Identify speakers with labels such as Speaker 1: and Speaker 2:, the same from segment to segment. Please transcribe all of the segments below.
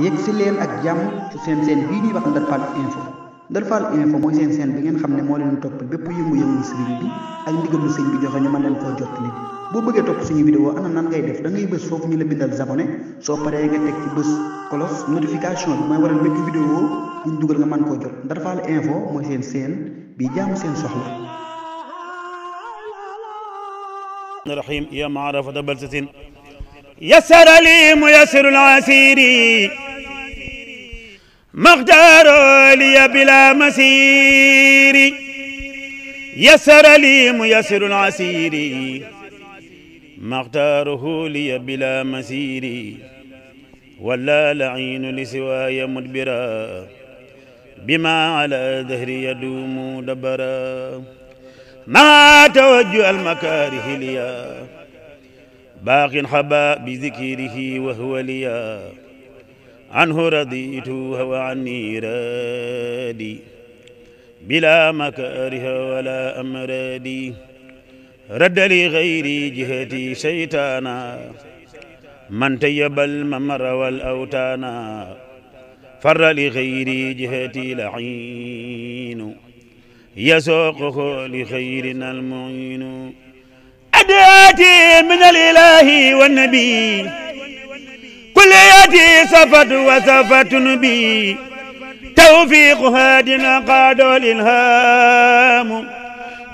Speaker 1: yegg si leen ak jàmm ci seen seen bii ñuy wax Ndar Fall info Ndar Fall info mooy seen seen bi ngeen xam ne moo leen topp bépp yëngu-yëngu sëriñ bi ak ndigalu sëñ bi joxe ñu mën leen koo jot nit boo bëggee topp suñu vidéo ana nan ngay def da ngay bës foofu ñu la bindal abonné soo paree nga teg ci bës cloche notification bi mooy waral bépp vidéo bu dugal nga mën koo jot Ndar al info mooy seen seen bi jàmm seen soxla rahim ya maarafata balsatin يسر لي ميسر العسير مقدار لي بلا مسير يسر لي ميسر العسير مقداره لي بلا مسير ولا لعين لسواي مدبرا بما على ظهري يدوم دبرا ما توجه المكاره ليا باق حبا بذكره وهو لي عنه رضيت هو عني رادي بلا مكاره ولا أمرادي رد لي غيري جهتي شيطانا من تيب الممر والأوتانا فر لغيري جهتي لعين يسوقه لخيرنا المعين قد من الاله والنبي كل يدي صفت وصفت نبي توفيق هادنا قاد الالهام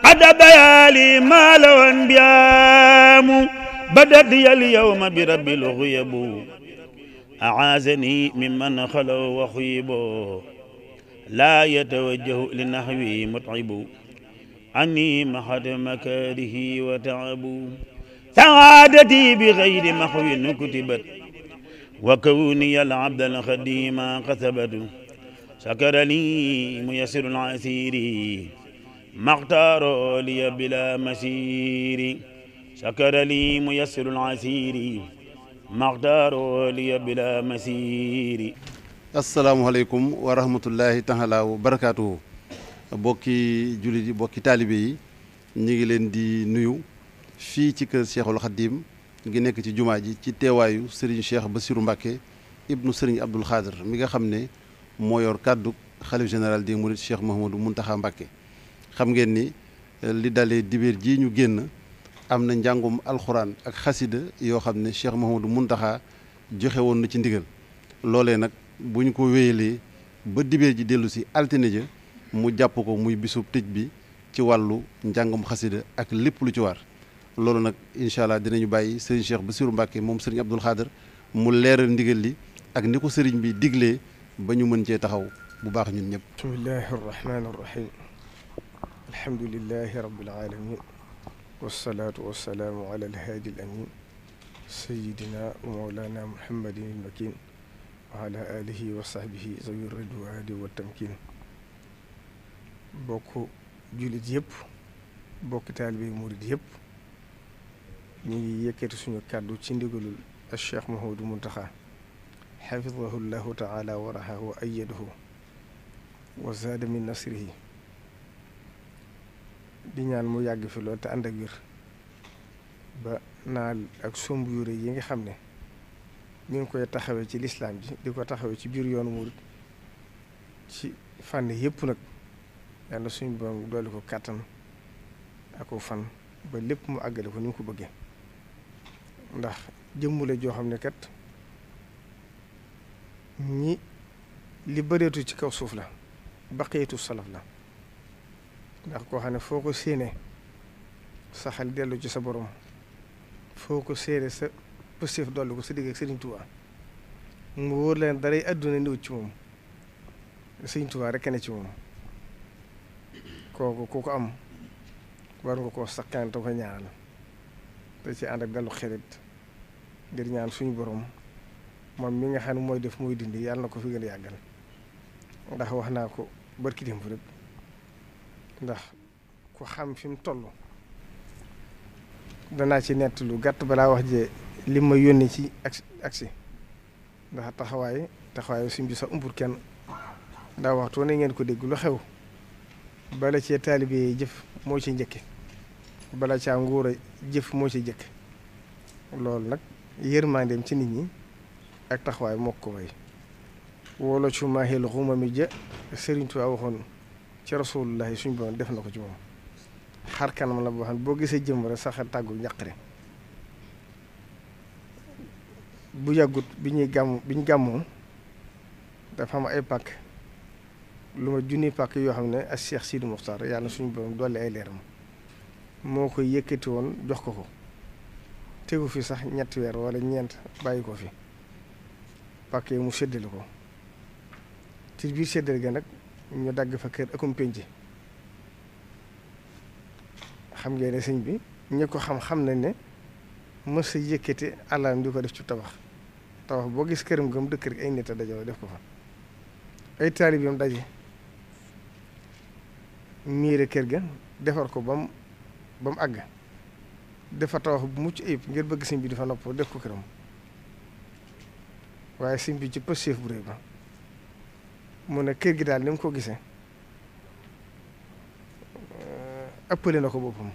Speaker 1: قد بيالي ما لو انبيام بدت اليوم برب الغيب أعازني ممن خلوا وخيبوا لا يتوجه لنحوي متعب عني محد مكاره وتعب سعادتي بغير محو كتبت وكوني العبد الخديم قثبت شكر لي ميسر العسير ما اختار لي بلا مسير شكر لي ميسر العسير ما اختار لي بلا
Speaker 2: مسير السلام عليكم ورحمة الله تعالى وبركاته bokki jullit yi bokki taalibe yi ñu ngi leen di nuyu fii ci kër Cheikhul Khadim ngi nekk ci jumaa ji ci teewaayu Serigne Cheikh Bassirou Mbacké ibnu Serigne Abdoul Khadir mi nga xam ne moo yor kàddu xalif général des mourides Cheikh Mouhamadou Mountakha Mbacké xam ngeen ni euh, li dalee dibéer ji ñu génn am na njàngum alxuraan ak xasida yoo xam ne Cheikh Mouhamadou Mountakha joxe woon na ci ndigal loolee nag bu ñu ko wéyalee ba dibéer ji dellu si altine ja mu jàpp ko muy bisub tëj bi ci walu njàngum xasida ak lépp lu ci war lolu nak inshallah dinañu bàyyi serigne Cheikh Bassirou mbake mom serigne Abdoul Khader mu leeral ndigal li ak niko serigne bi diglé bañu mën ci taxaw bu baax ñun ñep
Speaker 3: bismillahir rahmanir rahim alhamdulillahi rabbil alamin wasalaatu wasalaamu ala alhaadi al amin sayidina wa mawlana muhammadin al makin wa ala alihi wa sahbihi bokk jullit yëpp bokk taalibe murit yépp ñu ngi yëkkati suñu kàddu ci ndigalul Cheikh Mouhamadou Mountakha xafidahu llahu taala wa raxahu wa ayadahu wa zaada min nasrihi di ñaan mu yàgg fi lool te ànd ak wér ba naal ak somb yu yi nga xam ne ñu ngi koy taxawee ci lislaam ji di ko taxawee ci biir yoonu murit ci fànn yëpp nag yal na suñu borom dolli ko kàttan ak ko fan ba lépp mu àggale ko ni mu ko bëggee ndax jëmm la joo xam ne kat ñi li bëreetu ci kaw suuf la baqiitu salaf la ndax koo xam ne foo ko séenee sa xel dellu ci sa borom foo ko séenee sa pëstéef dolli ko sa digg ak Sëriñ Tuubaa mu wóor leen daray àdduna néew ci moom Sëriñ Tuubaa rekk ne ci moom kooku ku ko am war nga koo sakkan te ko ñaan te ci and ak dalu xerit ngir ñaan suñu borom mom mi nga xane moy def moy dindi yalla nako fi gën a ndax wax na ko barki démb rek ndax ku xam fim tollu dana ci nett lu gàtt balaa wax je lima yoni ci aksi ndax taxaway taxaway suñu bi sa umbur ken da waxtu ne ngeen ko deg lu xew bala cee taalibe jëf moo ci njëkke bala caa nguur a jëf moo ci njëkk loolu nag yërmandeem ci nit ñi ak taxawaay mook ko way wolo cu maahil xumami ja Sëriñ Tuubaa waxoon ci rasulullahi suñ boon def na ko ci moom xar kanam la boo xam ne boo gisee jëm rek sax tàggu njaqare bu yàggut bi ñuy gàmm bi ñu dafa am ay pàkk lu ma junni pàkk yoo xam ne ak Cheikh Sidi Mokhtar yàlla na suñu borom dolli ay leeram moo koy yëkkati woon jox ko ko tegu fi sax ñetti weer wala ñeent bàyyi ko fi pàkk yi mu séddale ko ci biir séddale ga nag ñu dagg fa kër akum pénc xam ngeen ne sëñ bi ñu ko xam xam na ne mës a yëkkati àllam di ko def ci tabax tabax boo gis këram gëm dëkk rek ay nit a dajoo def ko fa ay taalibeem daje miire kër ga defar ko ba mu ba mu àgg dafa tawax bu mucc ayib ngir bëgg sëñ bi dafa nopp def ko këram waaye sëñ bi ci pëstéef bu réy ba mu ne kër gi daal ni mu ko gisee eh, ëppale na ko boppam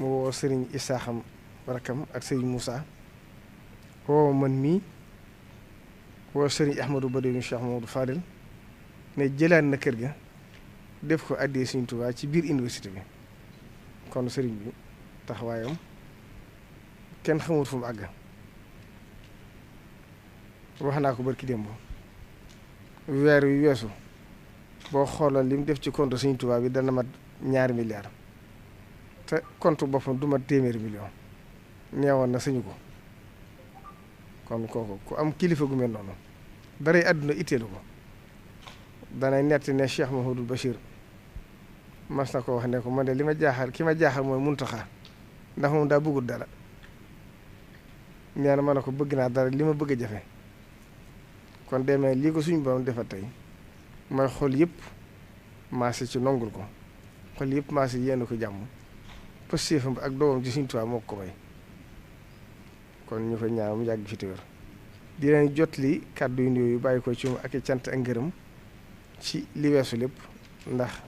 Speaker 3: mu woo sëriñ Isaaxam rakkam ak sëriñ Moussa woo man mii woo sëriñ Ahmadou Badawi Cheikh Mamadou Fadel ne jëlaat na kër ga def ko addee Sëriñ Tuubaa ci biir université bi kon sëriñ bi taxawaayam kenn xamul fu mu àgg wax naa ko barki démb weer wi weesu boo xoolal li mu def ci kont Sëriñ Tuubaa bi dana mat ñaari milliards te compte boppam du mat téeméeri million neewoon na sëñu ko kon kooku ku am kilifa gu mel noonu daray àdduna itteelu ko danay nett ne Cheikh Mahoudou Bachir mas na ko wax ne ko man de li ma jaaxal ki ma jaaxal mooy muntaxa ndax moom daa bëggul dara ñaan ma ne ko bëgg naa dara li ma bëgg a jafe kon demee lii ko suñu borom defal tey may xol yëpp maase ci nongul ko xol yëpp maase yéen ko jàmm pëstéefam ak doomam ci suñu tubaab moo ko may kon ñu ko ñaan mu yàgg fi téwér di leen jot kàddu yu néew yu bàyyi ko ci moom ak i cant ak ngërëm ci li weesu lépp ndax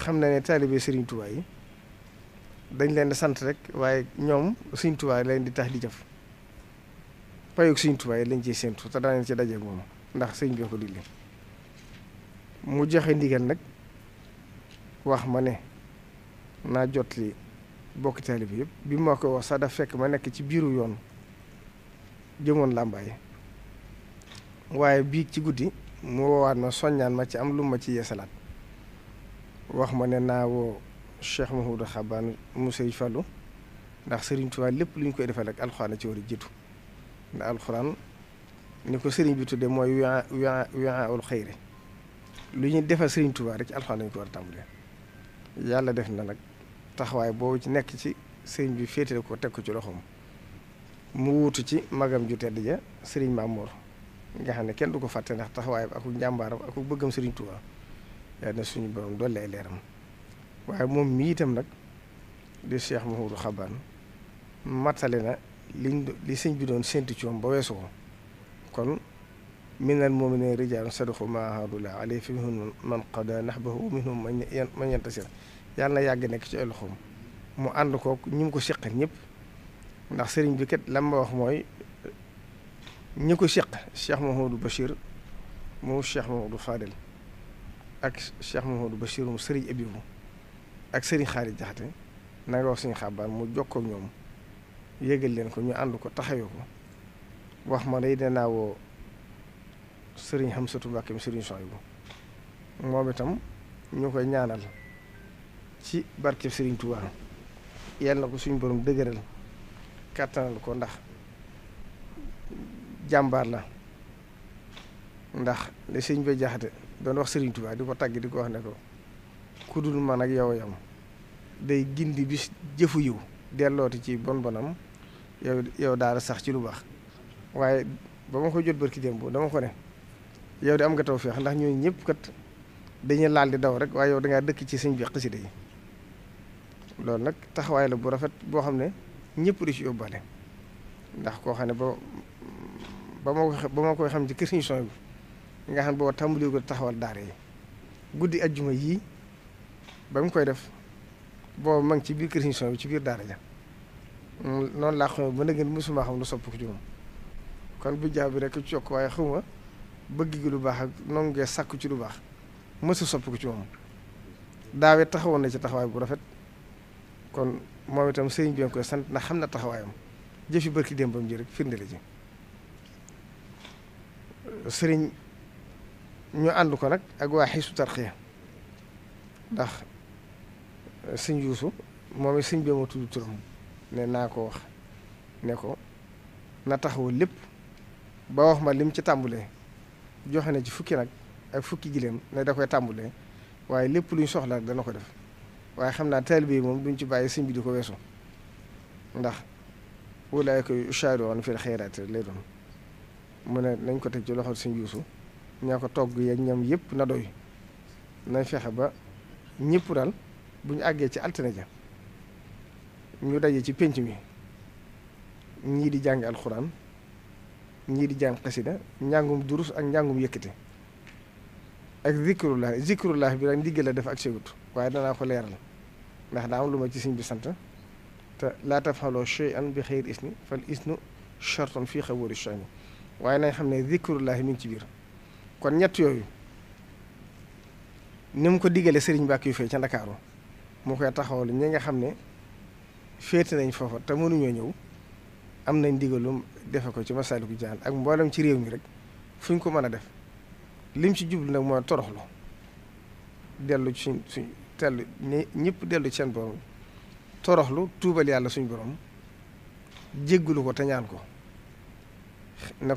Speaker 3: xam na ne taalibe Serigne Touba yi dañ leen di sant rek waaye ñoom Serigne Touba leen di tax di jëf payoog Serigne Touba yi lañ ciy su te daañu ci dajeeg moom ndax sëñ bi ko digle mu joxe ndigal nag wax ma ne naa jot li bokk taalibe yëpp bi ma ko wax sax daf fekk ma nekk ci biiru yoon jëmoon làmbaay waaye bii ci guddi mu woowaat ma soññaan ma ci am lu ma ci yeesalaat. wax ma ne naa woo Cheikh Mahmoudou Xabaan mu Sëriñ Fàllu ndax Sëriñ Tuubaa lépp lu ñu koy defal ak alxuraan ci war a jiitu ndax alxuraan ni ko sëriñ bi tuddee mooy wi'a wi'a wi'aul xayri lu ñuy defal Sëriñ Tuubaa rek ci alxuraan lañu ko war a tàmbalee yàlla def na nag taxawaay boobu ci nekk ci sëriñ bi féetale ko teg ko ci loxoom mu wuutu ci magam ju tedd ja sëriñ Mamour nga xam ne kenn du ko fàtte ndax taxawaayam ak njàmbaaram ak bëggam Sëriñ Tuubaa yàlla suñu borom dolli ay leeram waaye moom mii itam nag di Cheikh mahoudou Xabaan mattale na liñ li sëñ bi doon séntu ci moom ba weesu kon minal mu'minina rijaalun sadaqu maa aahadullah alayhi fa minhum man qada nahbahu minhum man yantasir yàlla na yàgg nekk ci ay loxoom mu ànd ko ñi ko seqal ñëpp ndax sëriñ bi kat lam ma wax mooy ñi ko seq Cheikh mahoudou Bachir moom Cheikh mahoudou Fadel ak Cheikh Mouhamadou Bachir mu Serigne Ebibou ak Serigne Xaari Jaxate na wax suñu xabaar mu jokkoo ñoom yëgal leen ko ñu ànd ko taxawee ko wax ma day danaa woo Serigne Hamsatu Mbàkke mi Serigne Soyibu moom itam ñu koy ñaanal ci barke Serigne Touba yàlla na ko suñu borom dëgëral kàttanal ko ndax jàmbaar la ndax li sëñ ba jaxate doon wax Serigne Touba di ko tàgg di ko wax ne ko ku dul man ak yow yam day gindi bis jëfu yiw dellooti ci bon bonam yow yow daal sax ci lu baax waaye ba ma ko jot barki démb dama ko ne yow di am nga taw tawfeex ndax ñooñu ñëpp kat dañuy laal di daw rek waaye yow dangaa dëkk ci sëñ bi xasida yi loolu nag taxawaay la bu rafet boo xam ne ñëpp di ci yóbbaale ndax koo xam ne ba ba ma ba ma koy xam ci kër suñu son bi nga xam booba tàmbali ko taxawal daara yi guddi ajjuma yii ba mu koy def booba ma ci biir kër bi ci biir daara ja noonu laa xam ba nag mosuma xam lu soppiku ci moom kon bu jaaw bi rek ci yokk waaye xawma bëgg lu baax ak noonu ngee ci lu baax mësu soppiku ci moom daawee taxawoon na ci taxawaay bu rafet kon moom itam sëriñ bi nga koy sant ndax xam na taxawaayam jëf yu barki démbam ji rek firnde sëriñ ñu ànd ko nag ak waa xiisu tarxiya ndax sëñ yuusu moom it sëñ bi ma tudd turam ne naa ko wax ne ko na taxawu lépp ba wax ma lim ci tàmbulee joxe na ci fukki nag ak fukki gileem ne da koy tàmbule waaye lépp lu ñu soxla dana ko def waaye xam naa taalibe yi moom duñ ci bàyyi sëñ bi di ko weesu ndax walaay ko ushaari woon fil xayraat lay doon mu ne nañ ko teg ci loxol sëñ yuusu ñoo ko togg yeeg ñoom yëpp na doy nañ fexe ba ñëpp daal bu ñu àggee ci altine ja ñu daje ci pénc mi ñii di jàng alxuraan ñii di jàng xasida njàngum durus ak njàngum yëkkati ak zikrullah zikrullah bi nag ndiggal la def ak segut waaye danaa ko leeral ndax daa am lu ma ci siñ bi sant te laa tafaloo shay'an bi xayri isni fal isnu shartun fii xaboori shay'an waaye nañ xam ne zikrullah mi ngi ci biir kon ñett yooyu ni mu ko diggalee Serigne mbàkk yu fee ca Ndakaaru moo koy taxawal ñi nga xam ne féete nañ foofa te mënuñoo ñëw am nañ digalum defe ko ci Masaalikul Jinaan ak mboolem ci réew mi rek fu ñu ko mën a def lim ci jublu nag mooy toroxlu dellu ci suñ tellu ñëpp dellu ci seen borom toroxlu tuubal yàlla suñ borom jéggalu ko te ñaan ko na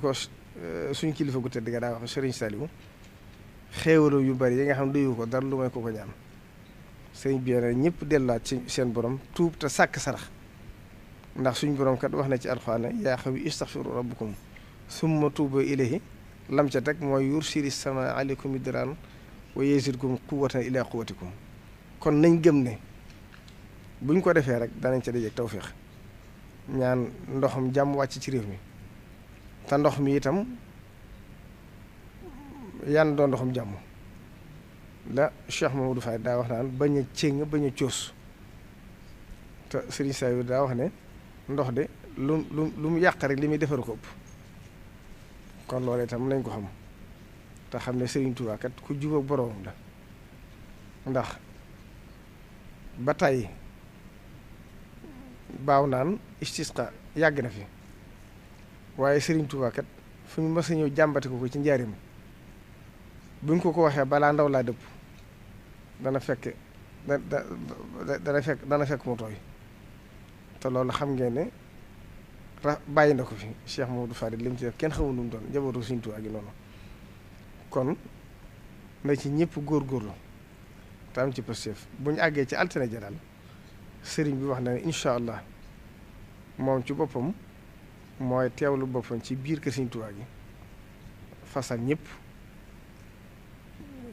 Speaker 3: Euh, suñ kilifa gu tedd ga daa wax Serigne Saliou xéewalo yu bari yi nga xam ne doyu ko dara lu may ko ko ñaan sëriñ bi ne ñëpp delluwaat ci seen borom tuub te sàkk sarax ndax suñ borom kat wax na ci alxuraan yaa qawmi istaghfiru rabbakum summa tuubu ilayhi lam ca teg mooy yursili samaa aleykum midraaran wa yazidkum quwwatan ila quwwatikum kon nañ gëm ne buñ ko defee rek danañ ca dajeeg tawféex ñaan ndoxam jàmm wàcc ci réew mi te ndox mi itam yan doon ndoxum jàmm la Cheikh Mamadou Faye daa wax naan bañ a céng bañ a coos te Serigne Saliou daa wax ne ndox de lu lu lu mu yàq li muy defar ko ëpp kon loolu itam nañ ko xam te xam ne Serigne Touba ku jub ak boroomam la ndax ba tey baaw naan istisqa yàgg na fi. waaye Serigne Touba kat fu ñu mës ñëw jàmbati ko ko ci njaarim buñ ko ko waxee balaa ndaw laa dëpp dana fekk da dana fekk dana fekk mu tooy te loolu xam ngeen ne ra bàyyi na ko fi Cheikh Mamadou Farid li lim ci def kenn xamul lu mu doon jabootu Serigne Touba noonu kon na ci ñëpp góorgóorlu te am ci positif bu ñu àggee ci altine ja daal sëriñ bi wax na ne incha allah moom ci boppam. mooy teewlu boppam ci biir kër Sëriñ Tuubaa gi fasal ñëpp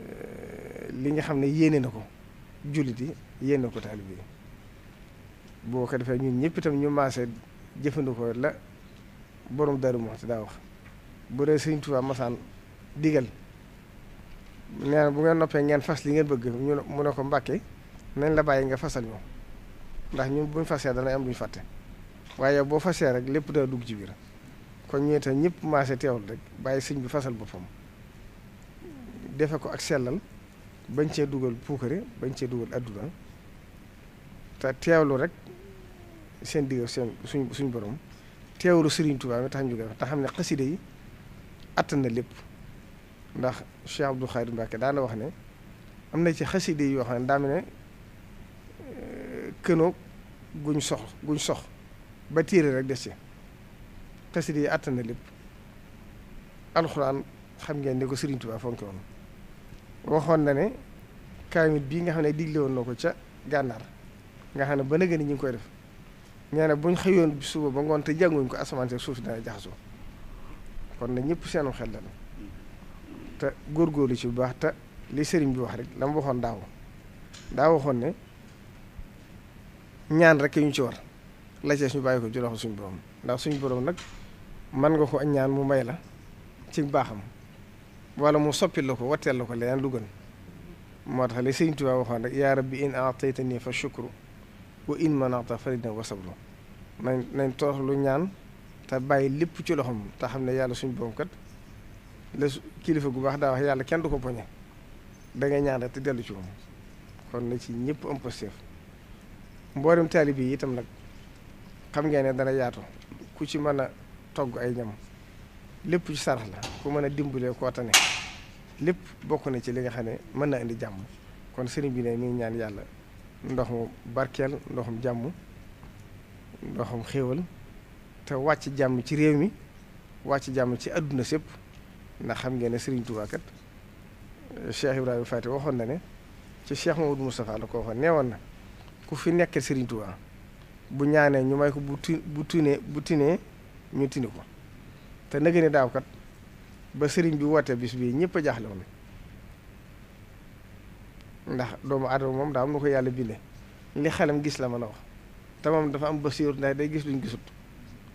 Speaker 3: euh, li nga xam ne yéene na ko jullit yi yéene na ko taalibe boo ko defee ñun ñëpp itam ñu maasee jëfandikoo la borom Daaru Muxti daa wax bu dee Sëriñ Tuubaa masaan digal nee bu ngeen noppee ngeen fas li ngeen bëgg ñu mu ne ko mbàkke nañ la bàyyi nga fasal ñu ndax ñun buñ fasee dana am luñ fàtte waaye boo fasee rek lépp daa dugg ci biir kon ñu itam ñëpp maase teewul rek bàyyi sëñ bi fasal boppam defe ko ak sellal bañ cee dugal puukare bañ cee dugal àdduna te teewalu rek seen digg seen suñ suñ borom teewlu Sëriñ Tuubaa mi tax ñu def te xam ne xasida yi attan na lépp ndax Cheikh Abdou Khadre Mbacké daana wax ne am na ci xasida yi yoo xam ne daa mel ne eh, kënoog guñ sox guñ sox ba tiire rek des ci xasida yi àttan na lépp alxuraan xam ngeen ne ko Sëriñ Tuubaa fonke woon waxoon na ne kaamil bii nga xam ne digle woon na ko ca gànnaar nga xam ne ba nëgë ni ñu ngi koy def nee na buñ xëyoon suba ba ngoon te jànguñ ko asamaan si suuf dana jaxasoo kon na ñëpp seenu xel la te góor góorgóorlu ci bu baax te li sëriñ bi wax rek la mu waxoon daaw daa waxoon ne ñaan rek ñu ci war la ci ñu bàyyi ko ci loxo suñu borom ndax suñu borom nag man nga ko ak ñaan mu may la ci baaxam wala mu soppil la ko watteel la ko leneen lu gën moo tax li Sëriñ Tuubaa waxoon rek yaa in aataytani fa shukru wa in manata faridna wa sabru nañ lu ñaan te bàyyi lépp ci loxoom te xam yàlla suñu borom kat la kilifa gu baax daa wax yàlla kenn du ko poñe da ngay ñaan rek te dellu ci moom kon na ci ñëpp am positif mboolem taalibe yi itam nag. xam ngeen ne dana yaatu ku ci mën a togg ay ñam lépp ci sarax la ku mën a dimbalee koo tane lépp bokk na ci li nga xam ne mën na indi jàmm kon sëriñ bi ne mi ngi ñaan yàlla ndox mu barkeel ndoxum jàmm ndoxum xéewal te wàcc jàmm ci réew mi wàcc jàmm ci àdduna sépp ndax xam ngeen ne sëriñ Tuubaa kat Cheikh Ibrahima waxoon na ne ci Cheikh Mamadou Moustapha la ko waxoon neewoon na ku fi nekk sëriñ bu ñaanee ñu may ko bu ti bu tunee bu tinee ñu tini ko te nëgë daawkat ba sëriñ bi woote bis bii ñëpp a jaaxle woon ndax doomu aadama moom daa am na ko yàlla binde li xelam gis la mën a wax te moom dafa am basiiru ndax day gis luñ gisut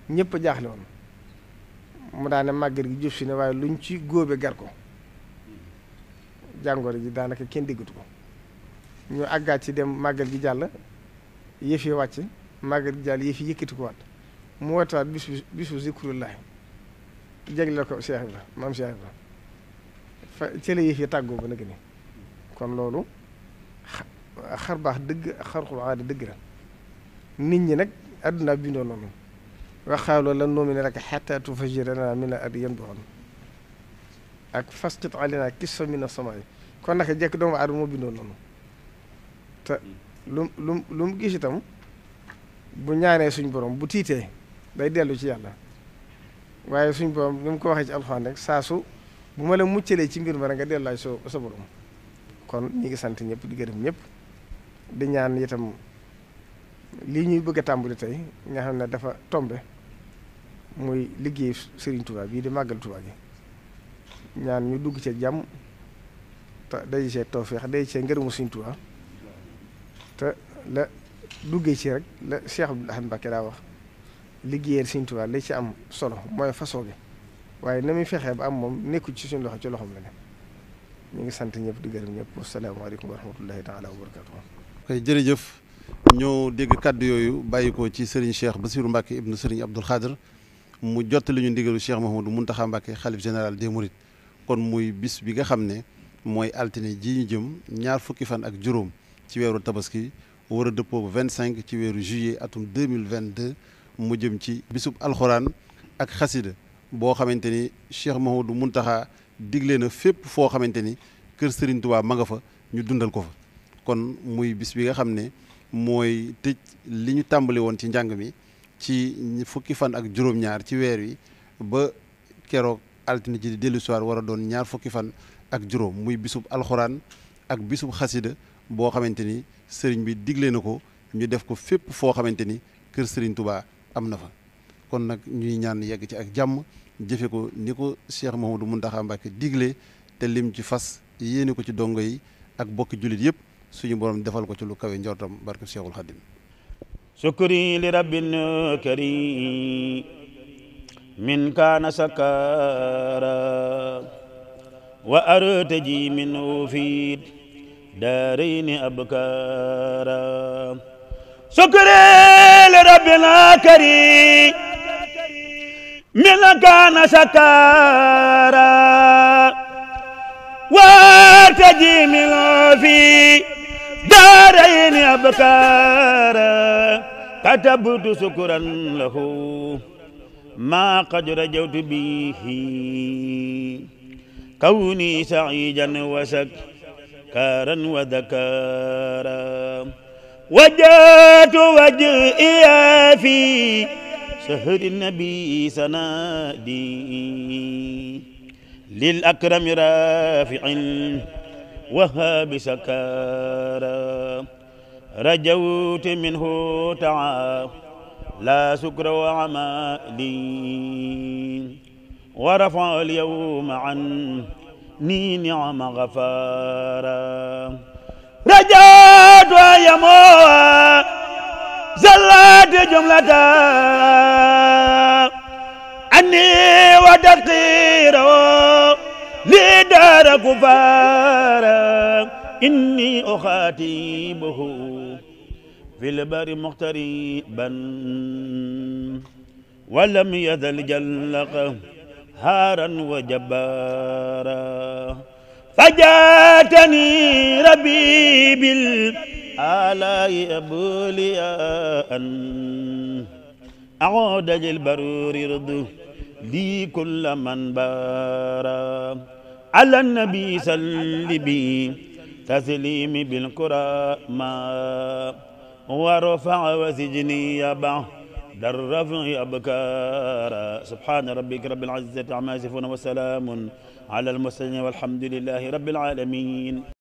Speaker 3: ñëpp a jaaxle woon mu daane màggat gi jub si ne waaye luñ ci góobe gar ko jàngoro ji daanaka kenn déggatu ko ñu àggaat ci dem màggal gi jàll yëf yi wàcc màggal jaal yi fi yëkkati ko waat mu wataat bisu bisu zikrullahi jagleel ko Cheikh Ibra maam Cheikh Ibra fa cële yi fi tàggoo ba nag ni kon loolu xar baax dëgg xarxul aada dëgg la nit ñi nag àdduna bindoo noonu waxaaloo lan nu'mina laka hattaa tufajjira lanaa mina al-ardi yanbu'an ak fasqit alaynaa kisfan mina samaa'i kon naka jekk doomu aadama moo bindoo noonu te lu mu lu mu gis itam bu ñaanee suñ borom bu tiitee day dellu ci yàlla waaye suñ borom ni mu ko waxee ci alxuraan saasu bu ma la muccalee ci mbir ma rek nga delluwaay so sa borom kon ñi ngi sant ñëpp di gërëm ñépp di ñaan itam lii ñuy bëgg a tàmbali tey nga xam ne dafa tombe muy liggéey Serigne Touba bii di màggal Touba gi ñaan ñu dugg ci jàmm te day see tawfeex day see ngërëmu Serigne Touba te la. duggee ci rek la Cheikh Abdoul Ahad daa wax liggéeyal Sëriñ Tuubaa la ci am solo mooy façon bi waaye na muy fexee ba am moom nekku ci suñ loxo ci loxoom la ne ngi sant ñëpp di gërëm ñëpp wasalaamaaleykum wa rahmatullahi taala wa barakatuh
Speaker 2: kay jërëjëf ñoo dégg kàddu yooyu bàyyi ko ci Serigne Cheikh Bassirou Mbacké ibnu Serigne Abdoul Khadr mu jot li ñu ndigalu Cheikh Mouhamadou Mountakha Mbacké xalif général des Mourides kon muy bis bi nga xam ne mooy altine ji jëm ñaar fukki fan ak juróom ci weeru tabaski war a dëppoo vingt cinq ci weeru juillet atum deux mille vingt deux mu jëm ci bisub alxuraan ak xasida boo xamante ni Cheikh mun Mountakha digle na fépp foo xamante ni kër Serigne Touba fa ñu dundal ko fa kon muy bis bi nga xam ne mooy tëj li ñu tàmbali woon ci njàng mi ci fukki fan ak juróom-ñaar ci weer wi ba keroog altine ci di dellu soir wara doon ñaar fukki fan ak juróom muy bisub alxuraan ak bisub xasida boo xamante ni sëriñ bi digle na ko ñu def ko fépp foo xamante ni kër sëriñ Touba am na fa kon nag ñuy ñaan yegg ci ak jàmm jëfe ko ni ko Cheikh du Mountakha Mbacké digle te lim ci fas yéene ko ci dongo yi ak bokki jullit yëpp suñu borom defal ko ci lu kawe njortam barke Cheikhul Khadim sukri li
Speaker 1: rabbil karim min kaana sakara wa artaji min ufiid daarayni abkaara sukran li rabbil kariim min kaana sakaara wartaji min fi daarayni abkaara katabtu sukran lahu maa qad rajawtu bihi kawni sa'iidan wa shakaaran ذكارا وذكارا وجات وجهي في شهر النبي سنادي للأكرم رافع وهاب سكارا رجوت منه تعا لا سكر وعمالي ورفع اليوم عنه ni ni'ma ghafara rajaat wa yamoo zallaat jumlata anni wa taqiro li dara kufara inni ukhatibuhu fil bari muqtariban wa lam yazal jallaqa هارا وجبارا فجاتني ربي بالآلاء أبولياء أعود للبرور رضو لي كل من بارا على النبي سلبي تسليمي بالقرآن ما ورفع وسجني بعض درفع أبكارا سبحان ربك رب العزة عما يصفون وسلام على المرسلين والحمد لله رب العالمين